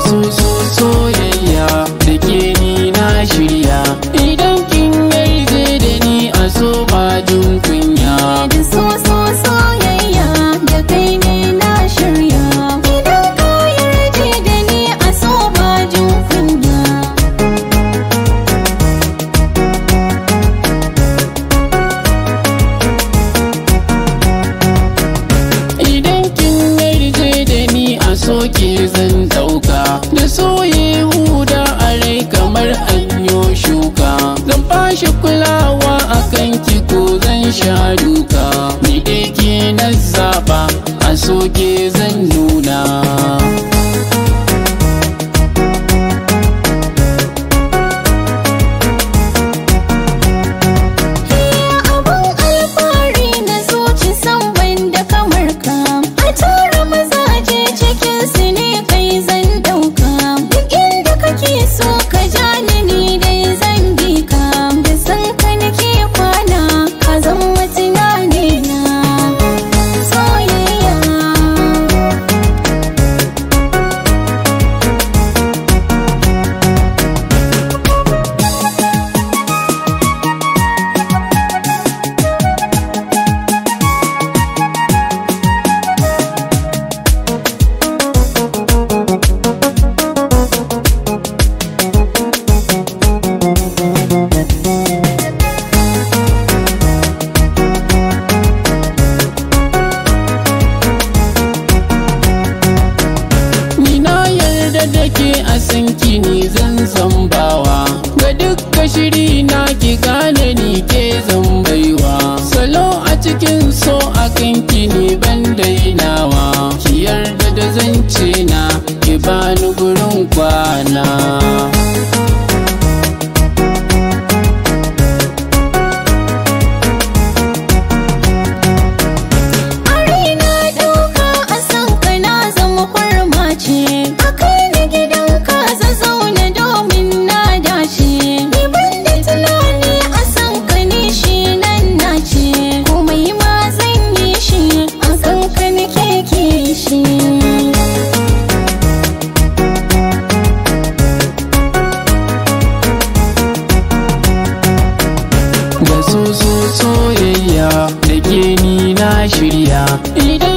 su so soyayya da ke ni na shirya idan kin yarje da ni a so ba jin kunya so so soyayya da kai ni na shirya idan ka yarje da ni a so ba kunya idan kin yarje da ni a so ki sha duka ni dai ke na zaba a soke zan nuna shiri na ki gane ni ke zamba so so soyayya da ke ni na shirya idan